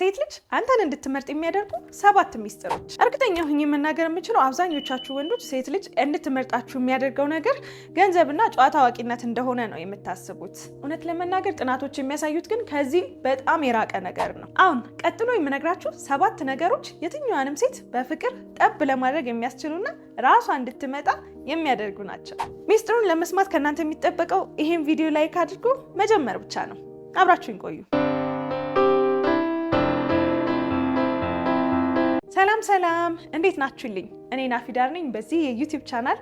ሴት ልጅ አንተን እንድትመርጥ የሚያደርጉ ሰባት ሚስጥሮች። እርግጠኛ ሁኝ መናገር የምችለው አብዛኞቻችሁ ወንዶች ሴት ልጅ እንድትመርጣችሁ የሚያደርገው ነገር ገንዘብና ጨዋታ አዋቂነት እንደሆነ ነው የምታስቡት። እውነት ለመናገር ጥናቶች የሚያሳዩት ግን ከዚህ በጣም የራቀ ነገር ነው። አሁን ቀጥሎ የምነግራችሁ ሰባት ነገሮች የትኛዋንም ሴት በፍቅር ጠብ ለማድረግ የሚያስችሉና ራሷ እንድትመጣ የሚያደርጉ ናቸው። ሚስጥሩን ለመስማት ከእናንተ የሚጠበቀው ይህን ቪዲዮ ላይክ አድርጎ መጀመር ብቻ ነው። አብራችሁን ቆዩ። ሰላም ሰላም፣ እንዴት ናችሁልኝ? እኔ ናፊዳር ነኝ። በዚህ የዩቲዩብ ቻናል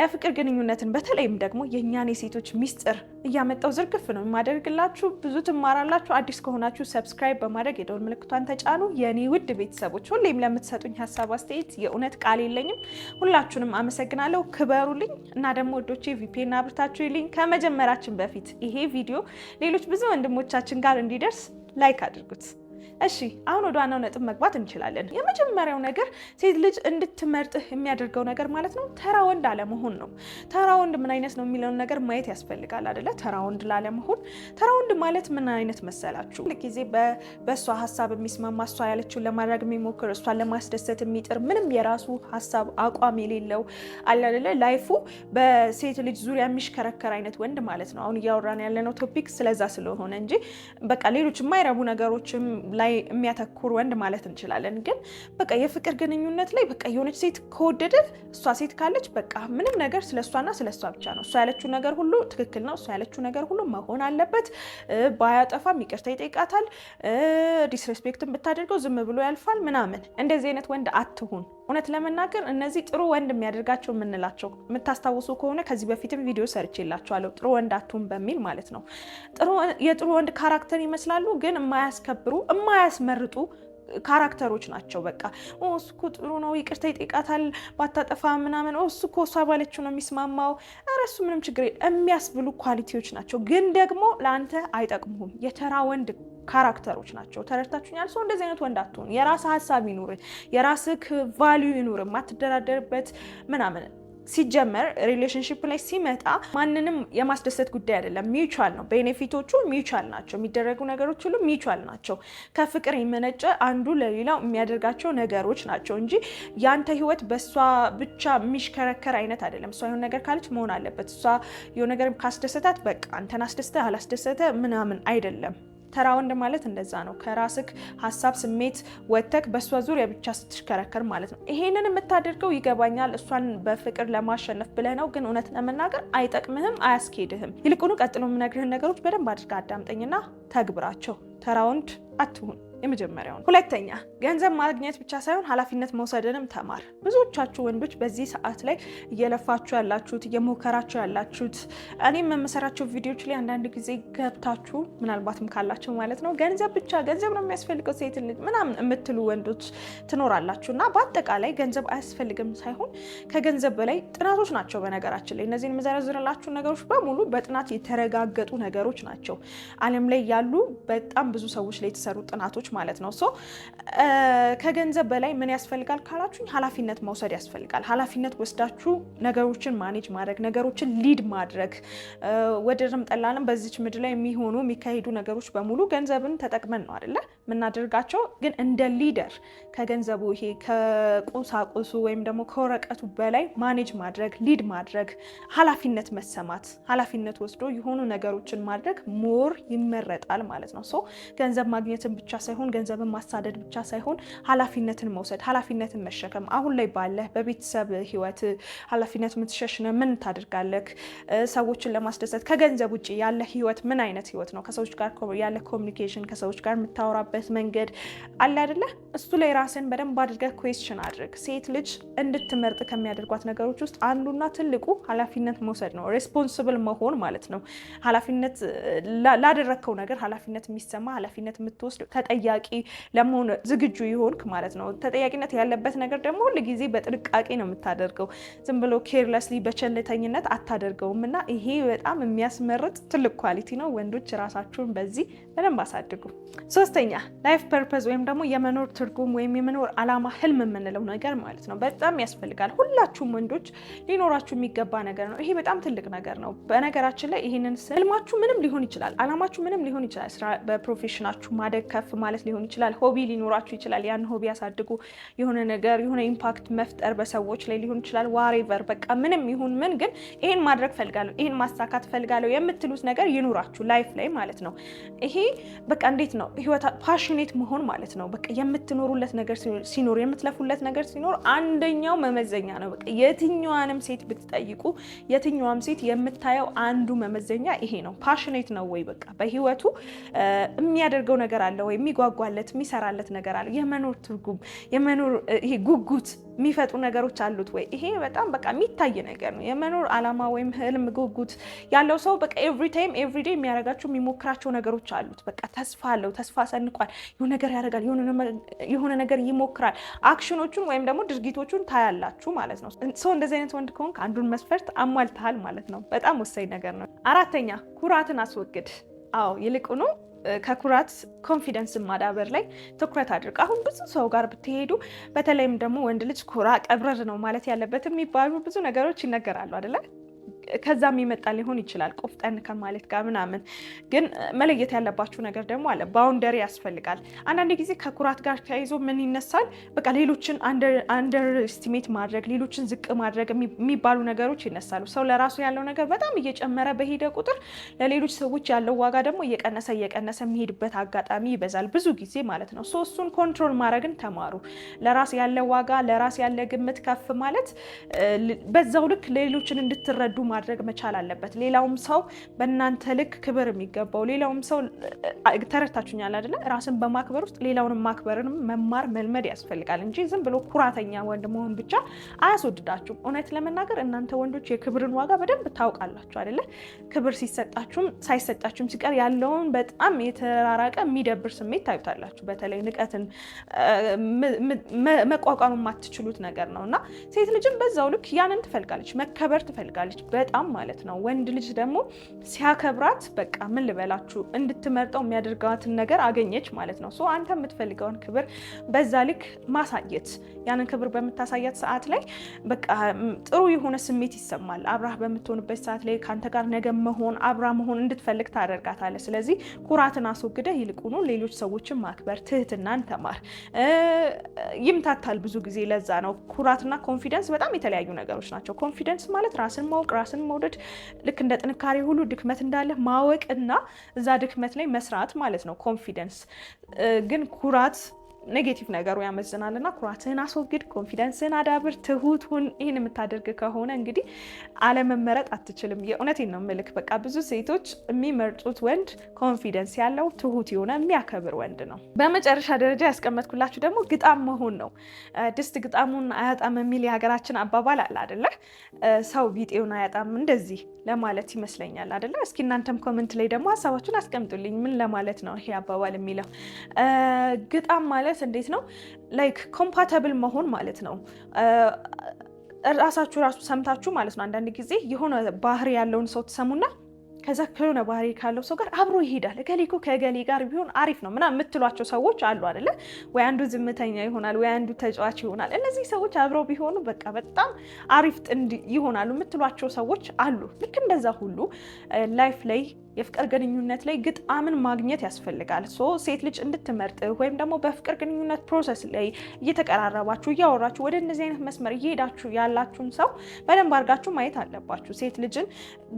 የፍቅር ግንኙነትን በተለይም ደግሞ የእኛን የሴቶች ሚስጥር እያመጣው ዝርግፍ ነው የማደርግላችሁ። ብዙ ትማራላችሁ። አዲስ ከሆናችሁ ሰብስክራይብ በማድረግ የደወል ምልክቷን ተጫኑ። የእኔ ውድ ቤተሰቦች ሁሌም ለምትሰጡኝ ሀሳብ፣ አስተያየት የእውነት ቃል የለኝም። ሁላችሁንም አመሰግናለሁ። ክበሩልኝ እና ደግሞ ወዶቼ ቪፒን አብርታችሁ ይልኝ። ከመጀመራችን በፊት ይሄ ቪዲዮ ሌሎች ብዙ ወንድሞቻችን ጋር እንዲደርስ ላይክ አድርጉት። እሺ አሁን ወደ ዋናው ነጥብ መግባት እንችላለን። የመጀመሪያው ነገር ሴት ልጅ እንድትመርጥህ የሚያደርገው ነገር ማለት ነው ተራ ወንድ አለመሆን ነው። ተራ ወንድ ምን አይነት ነው የሚለውን ነገር ማየት ያስፈልጋል አደለ? ተራ ወንድ ላለመሆን። ተራ ወንድ ማለት ምን አይነት መሰላችሁ? ጊዜ በእሷ ሀሳብ የሚስማማ እሷ ያለችውን ለማድረግ የሚሞክር እሷን ለማስደሰት የሚጥር ምንም የራሱ ሀሳብ አቋም የሌለው አላደለ? ላይፉ በሴት ልጅ ዙሪያ የሚሽከረከር አይነት ወንድ ማለት ነው። አሁን እያወራን ያለነው ቶፒክ ስለዛ ስለሆነ እንጂ በቃ ሌሎች የማይረቡ ነገሮችም ላይ የሚያተኩር ወንድ ማለት እንችላለን። ግን በቃ የፍቅር ግንኙነት ላይ በቃ የሆነች ሴት ከወደደ እሷ ሴት ካለች በቃ ምንም ነገር ስለ እሷና ስለ እሷ ብቻ ነው። እሷ ያለችው ነገር ሁሉ ትክክል ነው። እሷ ያለችው ነገር ሁሉ መሆን አለበት። ባያጠፋም ይቅርታ ይጠይቃታል። ዲስሬስፔክትን ብታደርገው ዝም ብሎ ያልፋል ምናምን። እንደዚህ አይነት ወንድ አትሁን። እውነት ለመናገር እነዚህ ጥሩ ወንድ የሚያደርጋቸው የምንላቸው የምታስታውሱ ከሆነ ከዚህ በፊትም ቪዲዮ ሰርቼላችኋለሁ፣ ጥሩ ወንድ አትሁን በሚል ማለት ነው። የጥሩ ወንድ ካራክተር ይመስላሉ፣ ግን የማያስከብሩ የማያስመርጡ ካራክተሮች ናቸው። በቃ እሱ እኮ ጥሩ ነው፣ ይቅርታ ይጠይቃታል፣ ባታጠፋ ምናምን፣ እሱ እኮ እሷ ባለችው ነው የሚስማማው፣ ኧረ እሱ ምንም ችግር የሚያስብሉ ኳሊቲዎች ናቸው። ግን ደግሞ ለአንተ አይጠቅሙም። የተራ ወንድ ካራክተሮች ናቸው። ተረድታችሁኛል? ሰው እንደዚህ አይነት ወንድ አትሆን። የራስህ ሀሳብ ይኑር፣ የራስህ ቫሊዩ ይኑርህ፣ የማትደራደርበት ምናምን ሲጀመር ሪሌሽንሽፕ ላይ ሲመጣ ማንንም የማስደሰት ጉዳይ አይደለም። ሚውቹዋል ነው። ቤኔፊቶቹ ሚውቹዋል ናቸው። የሚደረጉ ነገሮች ሁሉ ሚውቹዋል ናቸው። ከፍቅር የመነጨ አንዱ ለሌላው የሚያደርጋቸው ነገሮች ናቸው እንጂ ያንተ ህይወት በእሷ ብቻ የሚሽከረከር አይነት አይደለም። እሷ የሆነ ነገር ካለች መሆን አለበት። እሷ የሆነ ነገር ካስደሰታት በቃ አንተን አስደስተ አላስደሰተ ምናምን አይደለም። ተራ ወንድ ማለት እንደዛ ነው። ከራስክ ሀሳብ፣ ስሜት ወተክ በእሷ ዙሪያ ብቻ ስትሽከረከር ማለት ነው። ይሄንን የምታደርገው ይገባኛል፣ እሷን በፍቅር ለማሸነፍ ብለህ ነው። ግን እውነት ለመናገር አይጠቅምህም፣ አያስኬድህም። ይልቁኑ ቀጥሎ የምነግርህን ነገሮች በደንብ አድርገህ አዳምጠኝና ተግብራቸው። ተራ ወንድ አትሁን። የመጀመሪያው ነው። ሁለተኛ ገንዘብ ማግኘት ብቻ ሳይሆን ኃላፊነት መውሰድንም ተማር። ብዙዎቻችሁ ወንዶች በዚህ ሰዓት ላይ እየለፋችሁ ያላችሁት እየሞከራችሁ ያላችሁት እኔም የምሰራቸው ቪዲዮዎች ላይ አንዳንድ ጊዜ ገብታችሁ ምናልባትም ካላቸው ማለት ነው ገንዘብ ብቻ ገንዘብ ነው የሚያስፈልገው ሴት ልጅ ምናምን የምትሉ ወንዶች ትኖራላችሁ እና በአጠቃላይ ገንዘብ አያስፈልግም ሳይሆን ከገንዘብ በላይ ጥናቶች ናቸው። በነገራችን ላይ እነዚህን የምዘረዝርላችሁ ነገሮች በሙሉ በጥናት የተረጋገጡ ነገሮች ናቸው። ዓለም ላይ ያሉ በጣም ብዙ ሰዎች ላይ የተሰሩ ጥናቶች ማለት ነው። ሶ ከገንዘብ በላይ ምን ያስፈልጋል ካላችሁኝ፣ ኃላፊነት መውሰድ ያስፈልጋል። ኃላፊነት ወስዳችሁ ነገሮችን ማኔጅ ማድረግ፣ ነገሮችን ሊድ ማድረግ ወደ ጠላንም በዚች ምድር ላይ የሚሆኑ የሚካሄዱ ነገሮች በሙሉ ገንዘብን ተጠቅመን ነው አይደለ የምናደርጋቸው ግን እንደ ሊደር ከገንዘቡ ይሄ ከቁሳቁሱ ወይም ደግሞ ከወረቀቱ በላይ ማኔጅ ማድረግ ሊድ ማድረግ ኃላፊነት መሰማት ኃላፊነት ወስዶ የሆኑ ነገሮችን ማድረግ ሞር ይመረጣል ማለት ነው። ሶ ገንዘብ ማግኘትን ብቻ ሳይሆን ገንዘብን ማሳደድ ብቻ ሳይሆን ኃላፊነትን መውሰድ ኃላፊነትን መሸከም አሁን ላይ ባለ በቤተሰብ ህይወት ኃላፊነት የምትሸሽነ ምን ታደርጋለህ? ሰዎችን ለማስደሰት ከገንዘብ ውጭ ያለ ህይወት ምን አይነት ህይወት ነው? ከሰዎች ጋር ያለ ኮሚኒኬሽን ከሰዎች ጋር የምታወራበት የምትኖርበት መንገድ አለ አይደለ? እሱ ላይ ራስን በደንብ አድርገህ ኩዌስችን አድርግ። ሴት ልጅ እንድትመርጥ ከሚያደርጓት ነገሮች ውስጥ አንዱና ትልቁ ኃላፊነት መውሰድ ነው። ሬስፖንስብል መሆን ማለት ነው። ኃላፊነት ላደረግከው ነገር ኃላፊነት የሚሰማ ኃላፊነት የምትወስድ ተጠያቂ ለመሆን ዝግጁ ይሆንክ ማለት ነው። ተጠያቂነት ያለበት ነገር ደግሞ ሁልጊዜ በጥንቃቄ ነው የምታደርገው። ዝም ብሎ ኬርለስሊ በቸልተኝነት አታደርገውም እና ይሄ በጣም የሚያስመርጥ ትልቅ ኳሊቲ ነው። ወንዶች ራሳችሁን በዚህ በደንብ አሳድጉ። ሶስተኛ ላይፍ ፐርፐዝ ወይም ደግሞ የመኖር ትርጉም ወይም የመኖር አላማ ህልም የምንለው ነገር ማለት ነው በጣም ያስፈልጋል። ሁላችሁም ወንዶች ሊኖራችሁ የሚገባ ነገር ነው። ይሄ በጣም ትልቅ ነገር ነው። በነገራችን ላይ ይህንን ህልማችሁ ምንም ሊሆን ይችላል። አላማችሁ ምንም ሊሆን ይችላል። ስራ፣ በፕሮፌሽናችሁ ማደግ ከፍ ማለት ሊሆን ይችላል። ሆቢ ሊኖራችሁ ይችላል። ያን ሆቢ ያሳድጉ። የሆነ ነገር የሆነ ኢምፓክት መፍጠር በሰዎች ላይ ሊሆን ይችላል። ዋሬቨር በቃ ምንም ይሁን ምን ግን ይሄን ማድረግ ፈልጋለሁ፣ ይህን ማሳካት ፈልጋለሁ የምትሉት ነገር ይኖራችሁ ላይፍ ላይ ማለት ነው። ይሄ በቃ እንዴት ነው ህይወታ ፓሽኔት መሆን ማለት ነው። በቃ የምትኖሩለት ነገር ሲኖር የምትለፉለት ነገር ሲኖር አንደኛው መመዘኛ ነው። በቃ የትኛዋንም ሴት ብትጠይቁ የትኛዋም ሴት የምታየው አንዱ መመዘኛ ይሄ ነው። ፓሽኔት ነው ወይ በቃ በህይወቱ የሚያደርገው ነገር አለ ወይ፣ የሚጓጓለት የሚሰራለት ነገር አለ፣ የመኖር ትርጉም፣ የመኖር ይሄ ጉጉት የሚፈጥሩ ነገሮች አሉት ወይ? ይሄ በጣም በቃ የሚታይ ነገር ነው። የመኖር አላማ ወይም ህልም ጉጉት ያለው ሰው በቃ ኤቭሪ ታይም ኤቭሪ ዴይ የሚያደርጋቸው የሚሞክራቸው ነገሮች አሉት። በቃ ተስፋ አለው፣ ተስፋ ሰንቋል፣ የሆነ ነገር ያደርጋል፣ የሆነ ነገር ይሞክራል። አክሽኖቹን ወይም ደግሞ ድርጊቶቹን ታያላችሁ ማለት ነው። ሰው እንደዚህ አይነት ወንድ ከሆንክ አንዱን መስፈርት አሟልተሃል ማለት ነው። በጣም ወሳኝ ነገር ነው። አራተኛ ኩራትን አስወግድ። አዎ ይልቁኑ ከኩራት ኮንፊደንስን ማዳበር ላይ ትኩረት አድርግ። አሁን ብዙ ሰው ጋር ብትሄዱ በተለይም ደግሞ ወንድ ልጅ ኩራ ቀብረር ነው ማለት ያለበት የሚባሉ ብዙ ነገሮች ይነገራሉ አይደለም። ከዛም የመጣ ሊሆን ይችላል ቆፍጠን ከማለት ጋር ምናምን። ግን መለየት ያለባችሁ ነገር ደግሞ አለ። ባውንደሪ ያስፈልጋል። አንዳንድ ጊዜ ከኩራት ጋር ተያይዞ ምን ይነሳል? በቃ ሌሎችን አንደር ኤስቲሜት ማድረግ፣ ሌሎችን ዝቅ ማድረግ የሚባሉ ነገሮች ይነሳሉ። ሰው ለራሱ ያለው ነገር በጣም እየጨመረ በሄደ ቁጥር ለሌሎች ሰዎች ያለው ዋጋ ደግሞ እየቀነሰ እየቀነሰ የሚሄድበት አጋጣሚ ይበዛል ብዙ ጊዜ ማለት ነው። እሱን ኮንትሮል ማድረግን ተማሩ። ለራስ ያለ ዋጋ፣ ለራስ ያለ ግምት ከፍ ማለት በዛው ልክ ሌሎችን እንድትረዱ ማድረግ መቻል አለበት። ሌላውም ሰው በእናንተ ልክ ክብር የሚገባው ሌላውም ሰው ተረድታችሁኛል አይደለ? ራስን በማክበር ውስጥ ሌላውንም ማክበርን መማር መልመድ ያስፈልጋል እንጂ ዝም ብሎ ኩራተኛ ወንድ መሆን ብቻ አያስወድዳችሁም። እውነት ለመናገር እናንተ ወንዶች የክብርን ዋጋ በደንብ ታውቃላችሁ አይደለ? ክብር ሲሰጣችሁም ሳይሰጣችሁም ሲቀር ያለውን በጣም የተራራቀ የሚደብር ስሜት ታዩታላችሁ። በተለይ ንቀትን መቋቋም የማትችሉት ነገር ነው እና ሴት ልጅም በዛው ልክ ያንን ትፈልጋለች፣ መከበር ትፈልጋለች። በጣም ማለት ነው። ወንድ ልጅ ደግሞ ሲያከብራት በቃ ምን ልበላችሁ እንድትመርጠው የሚያደርጋትን ነገር አገኘች ማለት ነው። አንተ የምትፈልገውን ክብር በዛ ልክ ማሳየት፣ ያንን ክብር በምታሳያት ሰዓት ላይ በቃ ጥሩ የሆነ ስሜት ይሰማል። አብራህ በምትሆንበት ሰዓት ላይ ከአንተ ጋር ነገ መሆን አብራ መሆን እንድትፈልግ ታደርጋታለህ። ስለዚህ ኩራትን አስወግደህ ይልቁኑ ሌሎች ሰዎችን ማክበር፣ ትህትናን ተማር። ይምታታል ብዙ ጊዜ ለዛ ነው ኩራትና ኮንፊደንስ በጣም የተለያዩ ነገሮች ናቸው። ኮንፊደንስ ማለት ራስን ማወቅ ራስን መውደድ ልክ እንደ ጥንካሬ ሁሉ ድክመት እንዳለ ማወቅ እና እዛ ድክመት ላይ መስራት ማለት ነው። ኮንፊደንስ ግን ኩራት ኔጌቲቭ ነገሩ ያመዝናል እና ኩራትህን አስወግድ፣ ኮንፊደንስህን አዳብር፣ ትሁቱን ይህን የምታደርግ ከሆነ እንግዲህ አለመመረጥ አትችልም። የእውነቴን ነው ምልክ። በቃ ብዙ ሴቶች የሚመርጡት ወንድ ኮንፊደንስ ያለው ትሁት የሆነ የሚያከብር ወንድ ነው። በመጨረሻ ደረጃ ያስቀመጥኩላችሁ ደግሞ ግጣም መሆን ነው። ድስት ግጣሙን አያጣም የሚል የሀገራችን አባባል አለ አደለ? ሰው ቢጤውን አያጣም እንደዚህ ለማለት ይመስለኛል አደለ? እስኪ እናንተም ኮመንት ላይ ደግሞ ሀሳባችሁን አስቀምጡልኝ። ምን ለማለት ነው ይሄ አባባል የሚለው ግጣም ማለት ማለት እንዴት ነው ላይክ ኮምፓተብል መሆን ማለት ነው። ራሳችሁ ራሱ ሰምታችሁ ማለት ነው። አንዳንድ ጊዜ የሆነ ባህሪ ያለውን ሰው ትሰሙና ከዛ ከሆነ ባህሪ ካለው ሰው ጋር አብሮ ይሄዳል። እገሌ እኮ ከእገሌ ጋር ቢሆን አሪፍ ነው ምናምን የምትሏቸው ሰዎች አሉ አይደለ? ወይ አንዱ ዝምተኛ ይሆናል፣ ወይ አንዱ ተጫዋች ይሆናል። እነዚህ ሰዎች አብረው ቢሆኑ በቃ በጣም አሪፍ ይሆናሉ የምትሏቸው ሰዎች አሉ። ልክ እንደዛ ሁሉ ላይፍ ላይ የፍቅር ግንኙነት ላይ ግጣምን ማግኘት ያስፈልጋል። ሶ ሴት ልጅ እንድትመርጥ ወይም ደግሞ በፍቅር ግንኙነት ፕሮሰስ ላይ እየተቀራረባችሁ እያወራችሁ ወደ እነዚህ አይነት መስመር እየሄዳችሁ ያላችሁን ሰው በደንብ አድርጋችሁ ማየት አለባችሁ። ሴት ልጅን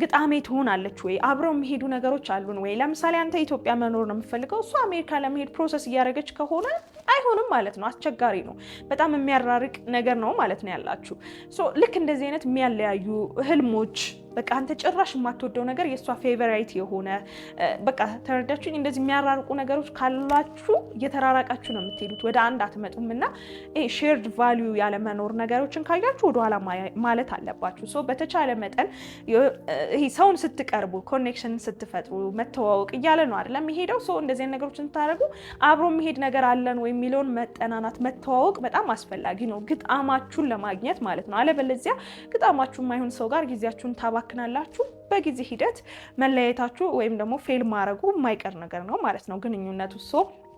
ግጣሜ ትሆናለች ወይ? አብረው የሚሄዱ ነገሮች አሉን ወይ? ለምሳሌ አንተ ኢትዮጵያ መኖር ነው የምፈልገው፣ እሱ አሜሪካ ለመሄድ ፕሮሰስ እያደረገች ከሆነ አይሆንም ማለት ነው። አስቸጋሪ ነው። በጣም የሚያራርቅ ነገር ነው ማለት ነው ያላችሁ። ልክ እንደዚህ አይነት የሚያለያዩ ህልሞች በቃ አንተ ጭራሽ የማትወደው ነገር የእሷ ፌቨራይት የሆነ በቃ ተረዳችሁኝ። እንደዚህ የሚያራርቁ ነገሮች ካላችሁ እየተራራቃችሁ ነው የምትሄዱት፣ ወደ አንድ አትመጡም። እና ሼርድ ቫሊዩ ያለመኖር ነገሮችን ካያችሁ ወደኋላ ማለት አለባችሁ። በተቻለ መጠን ይሄ ሰውን ስትቀርቡ ኮኔክሽን ስትፈጥሩ መተዋወቅ እያለ ነው አይደለም የሚሄደው። እንደዚህ ነገሮችን ስታደርጉ አብሮ የሚሄድ ነገር አለን ወይም የሚለውን መጠናናት መተዋወቅ በጣም አስፈላጊ ነው፣ ግጣማችሁን ለማግኘት ማለት ነው። አለበለዚያ ግጣማችሁ የማይሆን ሰው ጋር ጊዜያችሁን ታባክናላችሁ። በጊዜ ሂደት መለያየታችሁ ወይም ደግሞ ፌል ማድረጉ የማይቀር ነገር ነው ማለት ነው ግንኙነቱ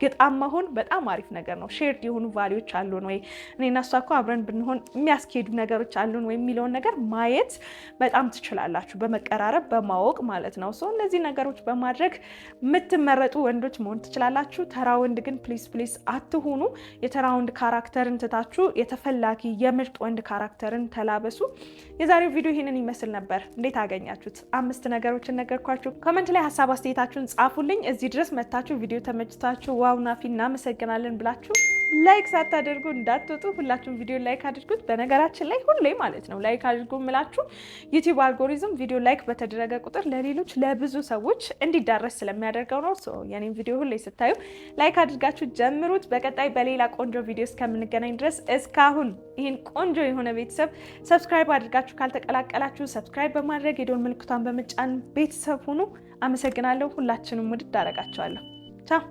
ግጣም መሆን በጣም አሪፍ ነገር ነው። ሼርድ የሆኑ ቫሊዎች አሉን ወይ እኔና እሷ እኮ አብረን ብንሆን የሚያስኬዱ ነገሮች አሉን ወይ የሚለውን ነገር ማየት በጣም ትችላላችሁ፣ በመቀራረብ በማወቅ ማለት ነው። ሰው እነዚህ ነገሮች በማድረግ የምትመረጡ ወንዶች መሆን ትችላላችሁ። ተራ ወንድ ግን ፕሊስ ፕሊስ አትሁኑ። የተራ ወንድ ካራክተርን ትታችሁ የተፈላጊ የምርጥ ወንድ ካራክተርን ተላበሱ። የዛሬው ቪዲዮ ይህንን ይመስል ነበር። እንዴት አገኛችሁት? አምስት ነገሮችን ነገርኳችሁ። ኮመንት ላይ ሀሳብ አስተያየታችሁን ጻፉልኝ። እዚህ ድረስ መታችሁ ቪዲዮ ተመችታችሁ አውናፊ እናመሰግናለን ብላችሁ ላይክ ሳታደርጉ እንዳትወጡ። ሁላችሁም ቪዲዮ ላይክ አድርጉት። በነገራችን ላይ ሁሌ ማለት ነው ላይክ አድርጉ ምላችሁ ዩቲዩብ አልጎሪዝም ቪዲዮ ላይክ በተደረገ ቁጥር ለሌሎች ለብዙ ሰዎች እንዲዳረስ ስለሚያደርገው ነው። የኔም ቪዲዮ ሁሌ ስታዩ ላይክ አድርጋችሁ ጀምሩት። በቀጣይ በሌላ ቆንጆ ቪዲዮ እስከምንገናኝ ድረስ እስካሁን ይህን ቆንጆ የሆነ ቤተሰብ ሰብስክራይብ አድርጋችሁ ካልተቀላቀላችሁ ሰብስክራይብ በማድረግ የደወል ምልክቷን በመጫን ቤተሰብ ሁኑ። አመሰግናለሁ። ሁላችንም ውድድ አደርጋችኋለሁ። ቻው